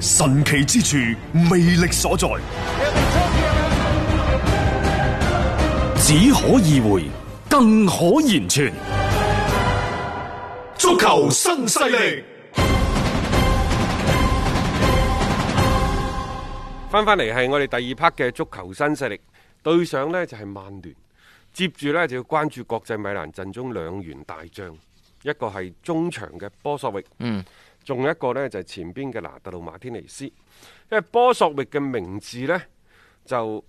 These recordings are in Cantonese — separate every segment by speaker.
Speaker 1: 神奇之處，魅力所在，只可意會，更可言傳。足球新勢力，翻翻嚟係我哋第二 part 嘅足球新勢力，對上呢就係曼聯，接住呢就要關注國際米蘭陣中兩員大將，一個係中場嘅波索域，嗯。仲有一個呢，就係、是、前邊嘅拿達魯馬天尼斯，因為波索域嘅名字呢，就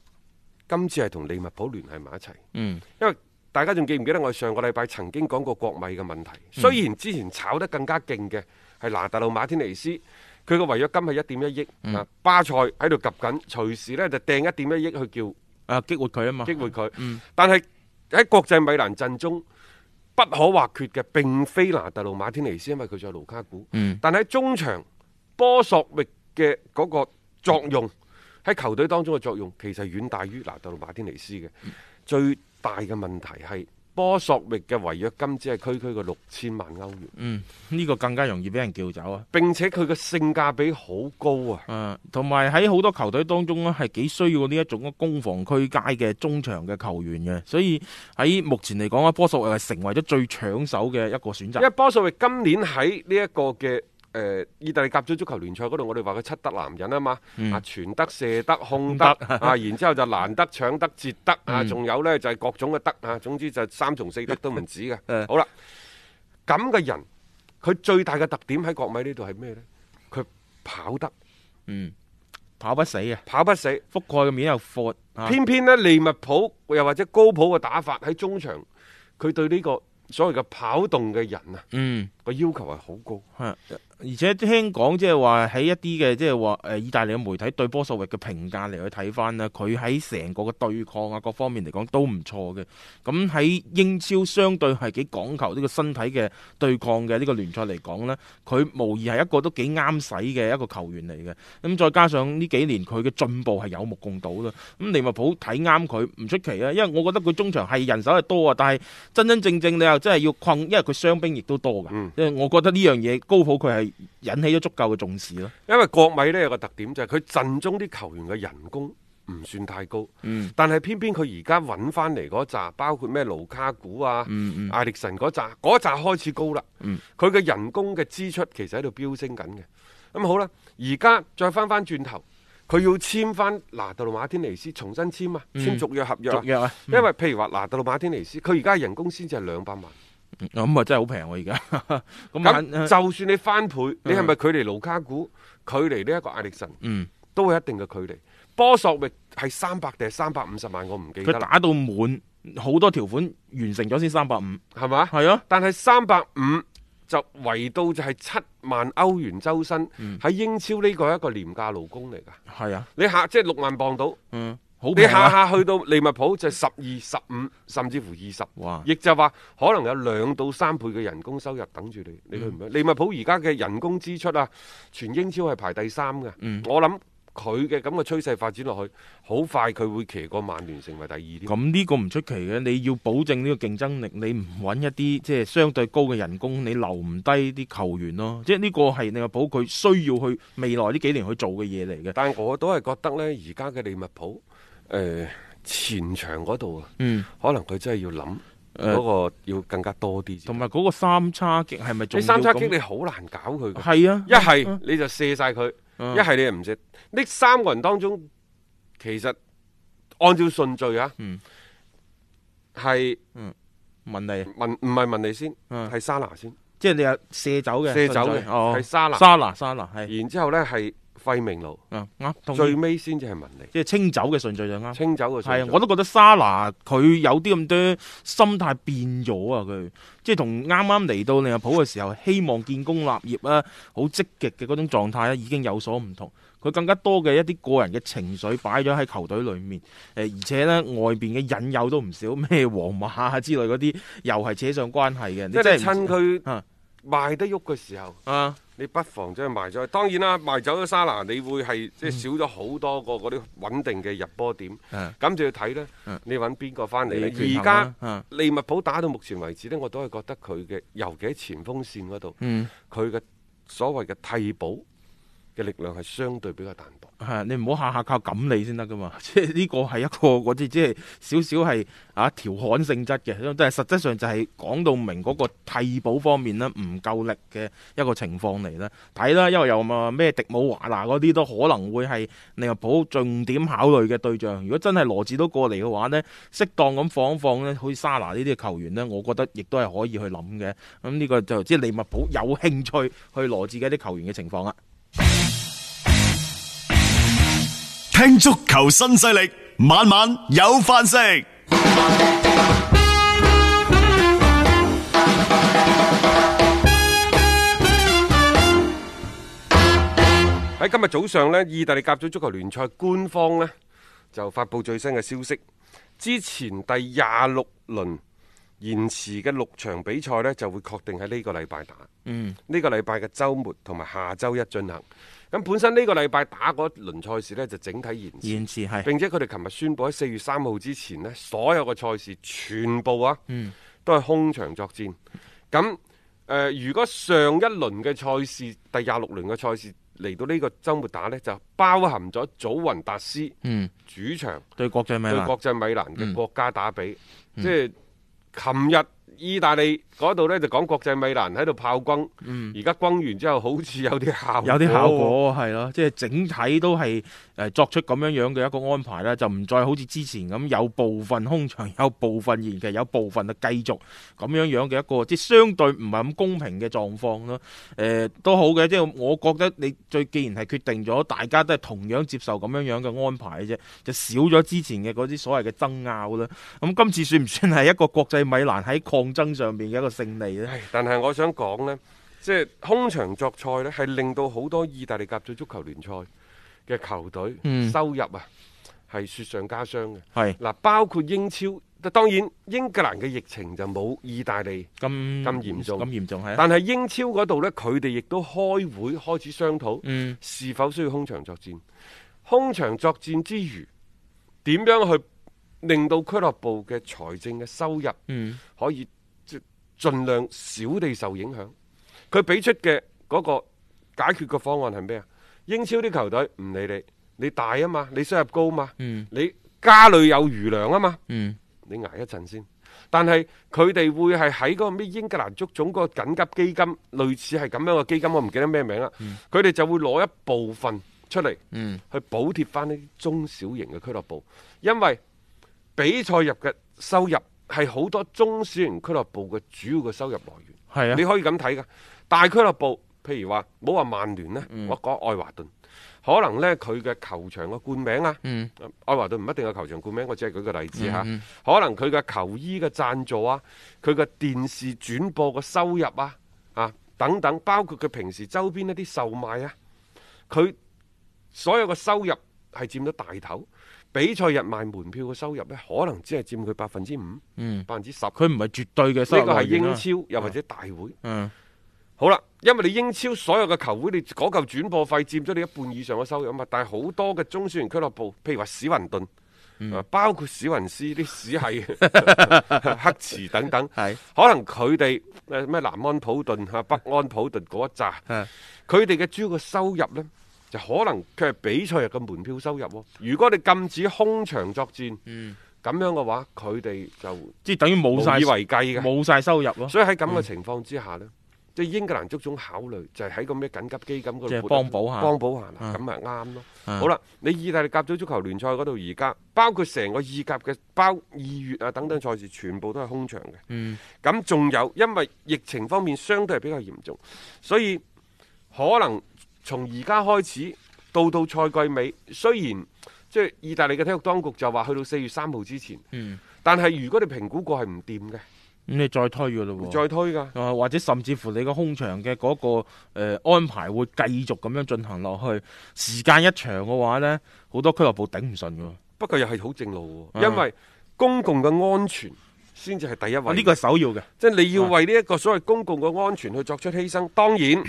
Speaker 1: 今次係同利物浦聯繫埋一齊。嗯，因為大家仲記唔記得我上個禮拜曾經講過國米嘅問題、嗯？雖然之前炒得更加勁嘅係拿達魯馬天尼斯，佢個違約金係一點一億啊、嗯，巴塞喺度夾緊，隨時呢就掟一點一億去叫啊激活佢啊嘛，激活佢、嗯。但係喺國際米蘭陣中。不可或缺嘅，並非拿特路馬天尼斯，因為佢做盧卡古、嗯。但係中場波索域嘅嗰個作用，喺球隊當中嘅作用，其實遠大於拿特路馬天尼斯嘅。最大嘅問題係。波索域嘅違
Speaker 2: 約金只係區區嘅六千萬歐元，嗯，呢個更加容易俾人叫走啊！並且佢個性價比好高啊，嗯、啊，同埋喺好多球隊當中咧係幾需要呢一種攻防俱佳嘅中場嘅球員嘅，所以喺目前嚟講啊，波索域係成為咗最搶手嘅一個選擇。因為
Speaker 1: 波索域今年喺呢一個嘅。誒、呃，意大利甲組足球聯賽嗰度，我哋話佢七得男人啊嘛，嗯、啊傳得、射得、控得 啊，然之後就難得搶得、截得啊，仲、嗯、有呢，就係、是、各種嘅得，啊，總之就三從四德都唔止嘅、欸。好啦，咁、嗯、嘅人，佢最大嘅特點喺國米呢度係咩呢？佢跑得，嗯，跑不死啊，跑不死，覆蓋嘅面又闊、啊，偏偏呢，利物浦又或者高普嘅打法喺中場，佢對呢個所謂嘅跑動嘅人啊，嗯。個要求係好高，
Speaker 2: 而且聽講即係話喺一啲嘅即係話誒，即係話意大利嘅媒體對波索域嘅評價嚟去睇翻啦，佢喺成個嘅對抗啊，各方面嚟講都唔錯嘅。咁喺英超相對係幾講求呢個身體嘅對抗嘅呢個聯賽嚟講呢，佢無疑係一個都幾啱使嘅一個球員嚟嘅。咁再加上呢幾年佢嘅進步係有目共睹啦。咁利物浦睇啱佢唔出奇啊，因為我覺得佢中場係人手係多啊，但係真真正正你又真係要困，因為佢傷兵亦都多噶。嗯即係我覺得呢樣嘢高普佢係引起咗足夠嘅重視咯。
Speaker 1: 因為國米咧有一個特點就係、是、佢陣中啲球員嘅人工唔算太高，嗯，但係偏偏佢而家揾翻嚟嗰扎，包括咩盧卡古啊，艾、嗯、歷、嗯、臣嗰扎，嗰扎開始高啦，佢、嗯、嘅人工嘅支出其實喺度飆升緊嘅。咁好啦，而家再翻翻轉頭，佢要簽翻嗱杜路馬天尼斯，重新簽啊，簽續約合約、啊，續約啊、嗯，因為譬如話嗱杜路馬天尼斯，佢而家人工先至係兩百萬。
Speaker 2: 咁、嗯、啊，真係好平喎！而家咁，就
Speaker 1: 算你翻倍，嗯、你係咪距離盧卡古、嗯、距離呢一個艾力臣，嗯，都有一定嘅距離。波索域係三百定係三百五十萬，我唔記得。佢打
Speaker 2: 到滿好多條款完成咗先三百五，係
Speaker 1: 咪？係啊，但係三百五就圍到就係七萬歐元周薪。喺、嗯、英超呢個係一個廉價勞工嚟噶係啊，你下即係六萬鎊到。嗯啊、你下下去到利物浦就十二十五，甚至乎二十，亦就話可能有兩到三倍嘅人工收入等住你，你去唔去、嗯？利物浦而家嘅人工支出啊，全英超係排第三嘅、嗯。我諗佢嘅咁嘅趨勢發展落去，好快佢會
Speaker 2: 騎過曼聯成為第二啲。咁、嗯、呢個唔出奇嘅，你要保證呢個競爭力，你唔搵一啲即係相對高嘅人工，你留唔低啲球員咯。即係呢個係利物浦佢需要去未來呢幾年去做嘅嘢嚟嘅。但係我都係覺得呢，而家嘅利物浦。
Speaker 1: 誒、呃，前場嗰度啊、嗯，可能佢真係要諗嗰、嗰個要更加多
Speaker 2: 啲、嗯，同埋嗰個三叉戟係咪？你三叉戟你好
Speaker 1: 難搞佢，係啊，一係你就射晒佢，一、啊、係你又唔射。呢、啊、三個人當中，其實按照順序啊，係、嗯，文、嗯、尼，文唔係文尼先，係、啊、沙拿先，
Speaker 2: 即係你又射走嘅，射走嘅，係、哦、沙拿，沙拿，沙拿，係。然之後咧係，費明路，啱、啊啊，最尾先至係文尼，即、就、係、是、清酒嘅順序就啱。清酒嘅順序，啊，我都覺得沙拿佢有啲咁多心態變咗啊，佢即係同啱啱嚟到利物浦嘅時候， 希望建功立業啊，好積極嘅嗰種狀態咧、啊，已經有所唔同。佢更加多嘅一啲個人嘅情緒擺咗喺球隊裏面，誒、呃，而且咧外邊嘅引誘都唔少，咩皇馬啊之類嗰啲，又係扯上關係嘅。即、就、係、是、趁
Speaker 1: 佢賣得喐嘅時候。啊啊你不妨即係賣咗去。當然啦，賣走咗沙拿，你會係即係少咗好多個嗰啲穩定嘅入波點。咁、嗯、就要睇咧、嗯，你揾邊個翻嚟？而家利物浦打到目前為止咧，我都係覺得佢嘅尤其喺前鋒線嗰度，佢嘅所謂嘅替補。
Speaker 2: 嘅力量係相對比較淡薄，係你唔好下下靠咁你先得噶嘛，即係呢個係一個我哋即係少少係啊調侃性質嘅，咁但係實質上就係講到明嗰個替補方面呢唔夠力嘅一個情況嚟啦，睇啦，因為又冇咩迪姆華拿嗰啲都可能會係利物浦重點考慮嘅對象。如果真係羅志都過嚟嘅話呢，適當咁放一放呢，好似沙拿呢啲嘅球員呢，我覺得亦都係可以去諗嘅。咁呢個就即係利物浦有興趣去羅自己啲球員嘅情況啦。
Speaker 1: 聽足球新勢力，晚
Speaker 2: 晚有飯食。
Speaker 1: 喺今日早上呢，意大利甲組足球聯賽官方呢就發布最新嘅消息，之前第廿六輪延遲嘅六場比賽呢就會確定喺呢個禮拜打。嗯，呢個禮拜嘅周末同埋下周一進行。咁本身呢個禮拜打嗰一輪賽事呢，就整體延遲延遲係。並且佢哋琴日宣布喺四月三號之前呢，所有嘅賽事全部啊，嗯，都係空場作戰。咁誒，呃，如果上一輪嘅賽事第廿六輪嘅賽事嚟到呢個周末打呢，就包含咗祖雲達斯，嗯，主場，嗯，
Speaker 2: 對國際米蘭對國
Speaker 1: 際米蘭嘅國家打比，即係琴日。嗯，就係意大利嗰度咧就講國際米蘭喺度炮轟，嗯，而家轟完之後好似有啲效果，有啲效果
Speaker 2: 係咯，即係、就是、整體都係誒、呃、作出咁樣樣嘅一個安排啦，就唔再好似之前咁有部分空場，有部分延期，有部分就繼續咁樣樣嘅一個即係、就是、相對唔係咁公平嘅狀況咯。誒、呃，都好嘅，即、就、係、是、我覺得你最既然係決定咗，大家都係同樣接受咁樣樣嘅安排嘅啫，就少咗之前嘅嗰啲所謂嘅爭拗啦。咁今次算唔算係一個國際米蘭喺抗爭上面嘅一個勝利咧，但係我想講呢，即係空場作賽呢，係令到好多意
Speaker 1: 大利甲組足球聯賽嘅球隊收入啊，係雪上加霜嘅。係嗱，包括英超，但當然英格蘭嘅疫情就冇意大利
Speaker 2: 咁咁嚴重，咁嚴重係，但
Speaker 1: 係英超嗰度呢，佢哋亦都開會開始商討，是否需要空場作戰？空場作戰之餘，點樣去？令到俱樂部嘅財政嘅收入，嗯，可以盡盡量少地受影響。佢俾出嘅嗰個解決嘅方案係咩啊？英超啲球隊唔理你，你大啊嘛，你收入高啊嘛，嗯，你家裏有餘糧啊嘛，嗯，你挨一陣先。但係佢哋會係喺嗰個咩英格蘭足總個緊急基金，類似係咁樣嘅基金，我唔記得咩名啦。佢哋就會攞一部分出嚟，嗯，去補貼翻呢啲中小型嘅俱樂部，因為。比賽入嘅收入係好多中小型俱樂部嘅主要嘅收入來源。係啊，你可以咁睇噶。大俱樂部，譬如話，唔好話曼聯咧，嗯、我講愛華頓，可能呢，佢嘅球場嘅冠名啊，嗯、愛華頓唔一定係球場冠名，我只係舉個例子吓。嗯嗯，可能佢嘅球衣嘅贊助他的的啊，佢嘅電視轉播嘅收入啊，啊等等，包括佢平時周邊一啲售賣啊，佢所有嘅收入。係佔咗大頭，比賽日賣門票嘅收入呢，可能只係佔佢百分之五，百分之十。佢唔係絕
Speaker 2: 對嘅收入，呢、啊呢個係英超、啊、又或者大會。嗯，
Speaker 1: 好啦，因為你英超所有嘅球會，你嗰嚿轉播費占咗你一半以上嘅收入啊嘛。但係好多嘅中小型俱樂部，譬如話史雲頓、嗯啊，包括史雲斯、啲史係、 黑池等等，可能佢哋咩南安普頓、啊、北安普頓嗰一扎，佢哋嘅主要嘅收入呢？就可能佢係比賽日嘅門票收入喎、哦。如果你禁止空場作戰，咁、嗯、樣嘅話，佢哋就即
Speaker 2: 係等於冇曬以為計嘅，冇晒收入咯。所以喺咁嘅
Speaker 1: 情況之下呢，即、嗯、係英格蘭足總考慮就係喺咁嘅緊急基金度撥嚟幫補下，幫補下，咁咪啱咯。嗯、好啦，你意大利甲組足球聯賽嗰度而家，包括成個意甲嘅包意乙啊等等賽事，全部都係空場嘅。咁、嗯、仲有，因為疫情方面相對係比較嚴重，所以可能。從而家開始到到賽季尾，雖然即係意大利嘅體育當局就話去到四月三號之前，嗯，但係如果你評估過係唔掂嘅，
Speaker 2: 咁、嗯、你再推嘅咯喎，再推㗎，或者甚至乎你個空場嘅嗰、那個、呃、安排會繼續咁樣進行落去，時間一長嘅話呢，好多俱樂部頂唔順嘅。
Speaker 1: 不過又係好正路喎、嗯，因為公共嘅安全先至係第一位，呢、啊呢個係首
Speaker 2: 要嘅，即、就、係、是、你要
Speaker 1: 為呢一個所謂公共嘅安全去作出犧牲。嗯、當然，即、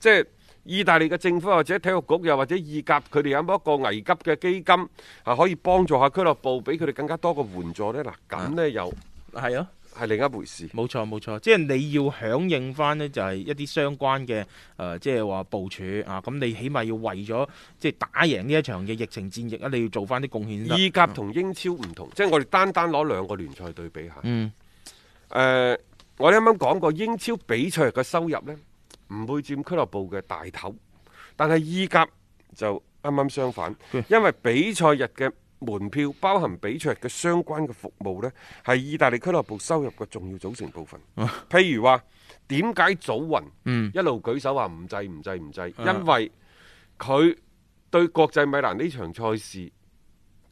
Speaker 1: 就、係、是。意大利嘅政府或者體育局又或者意甲佢哋有冇一個危急嘅基金啊，可以幫助下俱樂部，
Speaker 2: 俾佢哋更加多嘅援助呢？嗱，咁呢又係啊，係、啊啊、另一回事。冇錯冇錯，即係你要響應翻呢，就係一啲相關嘅誒、呃，即係話部署啊。咁你起碼要為咗即係打贏呢一場嘅疫情戰役啊，你要做翻啲貢獻。意甲同英
Speaker 1: 超唔同，嗯、即係我哋單單攞兩個聯賽對比下。嗯。誒、呃，我哋啱啱講過英超比賽嘅收入呢，唔會佔俱樂部嘅大頭，但係意甲就啱啱相反，因為比賽日嘅門票包含比賽日嘅相關嘅服務呢，係意大利俱樂部收入嘅重要組成部分。譬如話，點解早雲一路舉手話唔制唔制唔制？因為佢對國際米蘭呢場賽事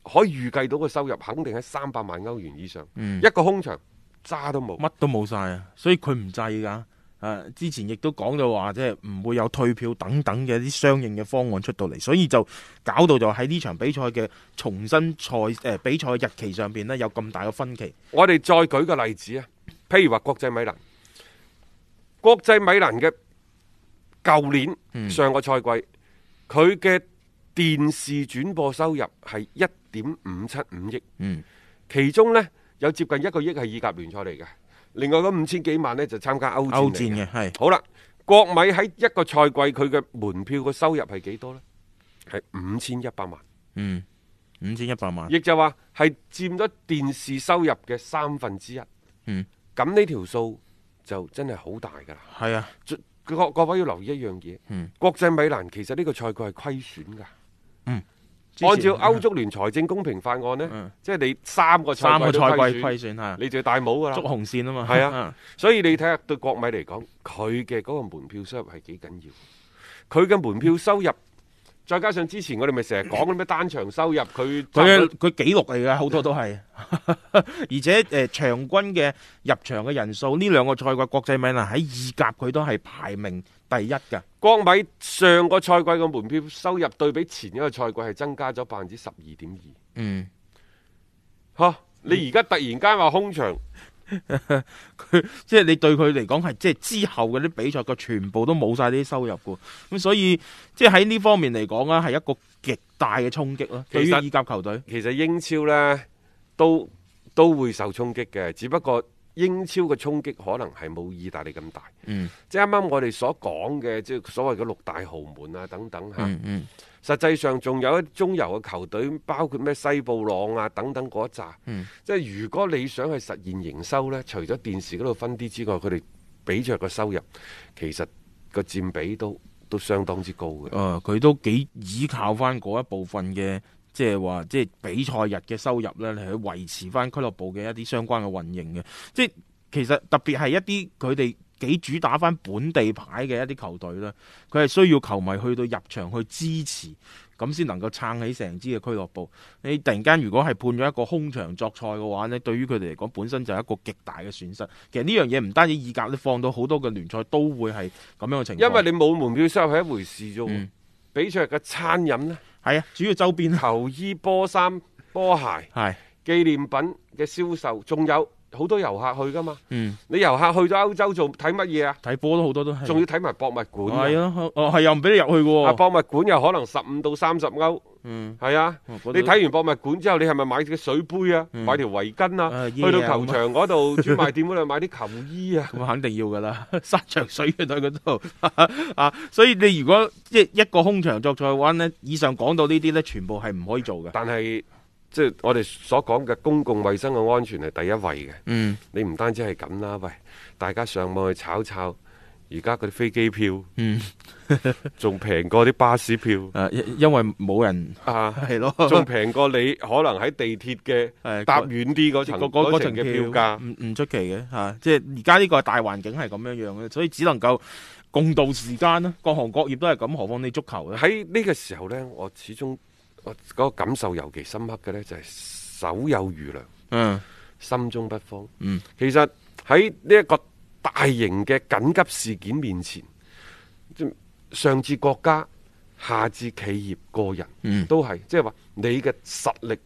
Speaker 1: 可以預計到嘅收
Speaker 2: 入，肯定喺三百萬歐元以上，嗯。一個空場渣都冇，乜都冇晒啊！所以佢唔制㗎。誒，之前亦都講到話，即係唔會有退票等等嘅一啲相應嘅方案出到嚟，所以就搞到就喺呢場比賽嘅重新賽誒、呃、比賽日期上邊呢，有咁大嘅分歧。
Speaker 1: 我哋再舉個例子啊，譬如話國際米蘭，國際米蘭嘅舊年上個賽季，佢嘅電視轉播收入係一點五七五億，嗯，其中呢，有接近一個億係意甲聯賽嚟嘅。另外嗰五千幾萬呢，就參加歐歐戰嘅係好啦，國米喺一個賽季佢嘅門票個收入係幾多呢？係五千一百萬。嗯，
Speaker 2: 五千一百萬。亦
Speaker 1: 就話係佔咗電視收入嘅三分之一。
Speaker 2: 嗯，
Speaker 1: 咁呢條數就真係好大噶啦。係啊，各各位要留意一樣嘢。嗯，國際米蘭其實呢個賽季係虧損噶。嗯。
Speaker 2: 按照歐足
Speaker 1: 聯財政公平法案呢、嗯、即係你
Speaker 2: 三個賽季你就
Speaker 1: 要戴帽噶啦，捉紅線啊嘛，係啊，所以你睇下對國米嚟講，佢嘅嗰個門票收入係幾緊要，佢嘅門票收入。再加上之前我哋咪成日講啲咩單場收入佢佢
Speaker 2: 佢記錄嚟嘅好多都係， 而且誒、呃、場均嘅入場嘅人數呢兩個賽季國際米蘭喺意甲佢都係排名第一㗎。
Speaker 1: 光比上個賽季嘅門票收入對比前一個賽季係增加咗百分之十二點二。
Speaker 2: 嗯，嚇 你而家突然間話空場。佢即係你對佢嚟講係即係之後嗰啲比賽個全部都冇晒啲收入嘅，咁所以即係喺呢方面嚟講啊，係一個極大嘅衝擊咯。對於意
Speaker 1: 甲球隊其實英超呢都都會受衝擊嘅，只不過。英超嘅衝擊可能係冇意大利咁大，嗯，即係啱啱我哋所講嘅，即係所謂嘅六大豪門啊等等嚇，嗯嗯，實際上仲有一中游嘅球隊，包括咩西布朗啊等等嗰一紮，嗯，即係如果你想去實現營收呢，除咗電視嗰度分啲之外，佢哋
Speaker 2: 俾出嘅收入其實個佔比都都相當之高嘅，誒，呃，佢都幾倚靠翻嗰一部分嘅。即係話，即係比賽日嘅收入咧嚟，去維持翻俱樂部嘅一啲相關嘅運營嘅。即係其實特別係一啲佢哋幾主打翻本地牌嘅一啲球隊咧，佢係需要球迷去到入場去支持，咁先能夠撐起成支嘅俱樂部。你突然間如果係判咗一個空場作賽嘅話呢，對於佢哋嚟講，本身就係一個極大嘅損失。其實呢樣嘢唔單止意甲，你放到好多嘅聯賽都會係咁樣嘅情況。因
Speaker 1: 為你冇門票收入係一回事啫，喎、嗯。比賽日嘅餐飲咧？.係啊，主要周邊啊，球衣、波衫、波鞋，係紀念品嘅銷售，仲有。好多遊客去噶嘛？嗯，你遊客去咗歐洲做睇乜嘢啊？睇
Speaker 2: 波都好多都係，仲要
Speaker 1: 睇埋博物館。係呀？哦，係又唔
Speaker 2: 俾你入去喎。博
Speaker 1: 物館又可能十五到三十歐。嗯，係啊，
Speaker 2: 你睇完
Speaker 1: 博物館之後，你係咪買隻水
Speaker 2: 杯啊？買條圍巾啊？去到球場嗰度專賣店嗰度買啲球衣啊？咁肯定要噶啦，山長水遠喺嗰度啊！所以你如果即係一個空場作賽玩呢，咧，以上講到呢啲咧，全部係唔可以做嘅。但係即係我哋所
Speaker 1: 講嘅公共衛生嘅安全係第一位嘅。嗯，你唔單止係咁啦，喂，大家上網去炒炒，而家嗰啲飛機票，嗯，仲 平過啲巴士
Speaker 2: 票。誒、啊，因為冇人
Speaker 1: 啊，係咯，仲平過你可能喺地鐵嘅
Speaker 2: 搭遠啲嗰層嗰層嘅票，票價，唔唔出奇嘅吓、啊。即係而家呢個大環境係咁樣樣嘅，所以只能夠共度時間。各行各業都係咁，何況你足球喺呢個時候呢，我始終。我嗰個感受尤其深刻嘅呢，就係手
Speaker 1: 有餘糧，嗯、uh,，心中不慌，嗯。其實喺呢一個大型嘅緊急事件面前，即上至國家，下至企業、個人都係，都、嗯、係，即係話你嘅實力、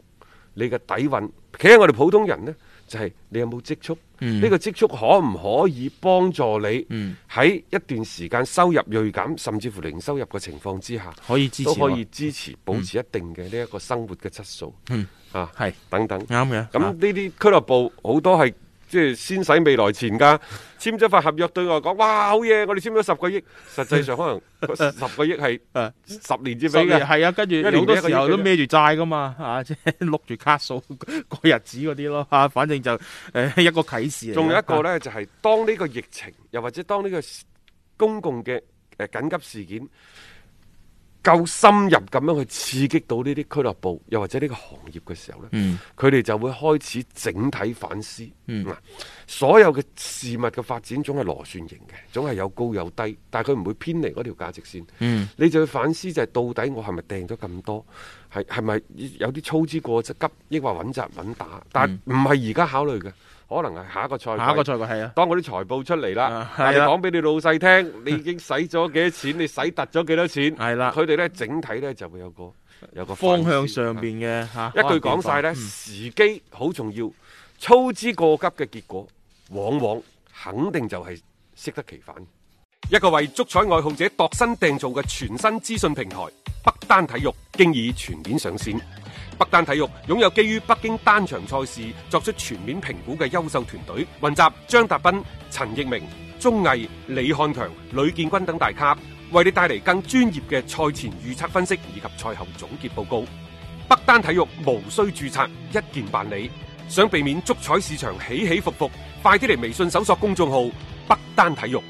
Speaker 1: 你嘅底蘊，企喺我哋普通人呢。就係、是、你有冇積蓄？呢、嗯這個積蓄可唔可以幫助你喺一段時間收入鋭減、嗯，甚至乎零收入嘅情況之下，可以支持都可以支持保持、嗯、一定嘅呢一個生活嘅質素、嗯。啊，係等等啱。咁呢啲俱樂部好、啊、多係。即係先使未來錢㗎，簽咗份合約對我講，哇好嘢！我哋簽咗十個億，實際上可能十個億係十年之費嘅，係 啊，跟住一好多時候都孭
Speaker 2: 住債噶嘛，嚇，即係碌住卡數 過日子嗰啲咯，嚇，反正就誒、呃、一個啟示嚟，仲有一個咧就
Speaker 1: 係、是、當呢個疫情，又或者當呢個公共嘅誒緊急事件。夠深入咁樣去刺激到呢啲俱樂部，又或者呢個行業嘅時候，呢佢哋就會開始整體反思。嗱，嗯，所有嘅事物嘅發展總係螺旋型嘅，總係有高有低，但係佢唔會偏離嗰條價值線，嗯。你就去反思就係到底我係咪掟咗咁多，係，係咪有啲操之過急，抑或穩紮穩打？但係唔係而家考慮嘅。可能係下一個賽季，下一個賽季係啊。當嗰啲財報出嚟啦，
Speaker 2: 講
Speaker 1: 俾你老細聽，你已經使咗幾多錢，你使突咗幾多錢，係啦。佢哋咧整體咧就會有個有個方向上邊嘅吓。一句講曬咧，時機好重要，操之過急嘅結果，往往肯定就係適得其反。一個為足彩愛好者度身訂造嘅全新資訊平台——北單體育，經已全面上線。北單體育擁有基於北京單場賽事作出全面評估嘅優秀團隊，雲集張達斌、陳奕明、鍾毅、李漢強、呂建軍等大咖，為你帶嚟更專業嘅賽前預測分析以及賽後總結報告。北單體育無需注冊，一鍵辦理。想避免足彩市場起起伏伏，快啲嚟微信搜索公眾號北單體育。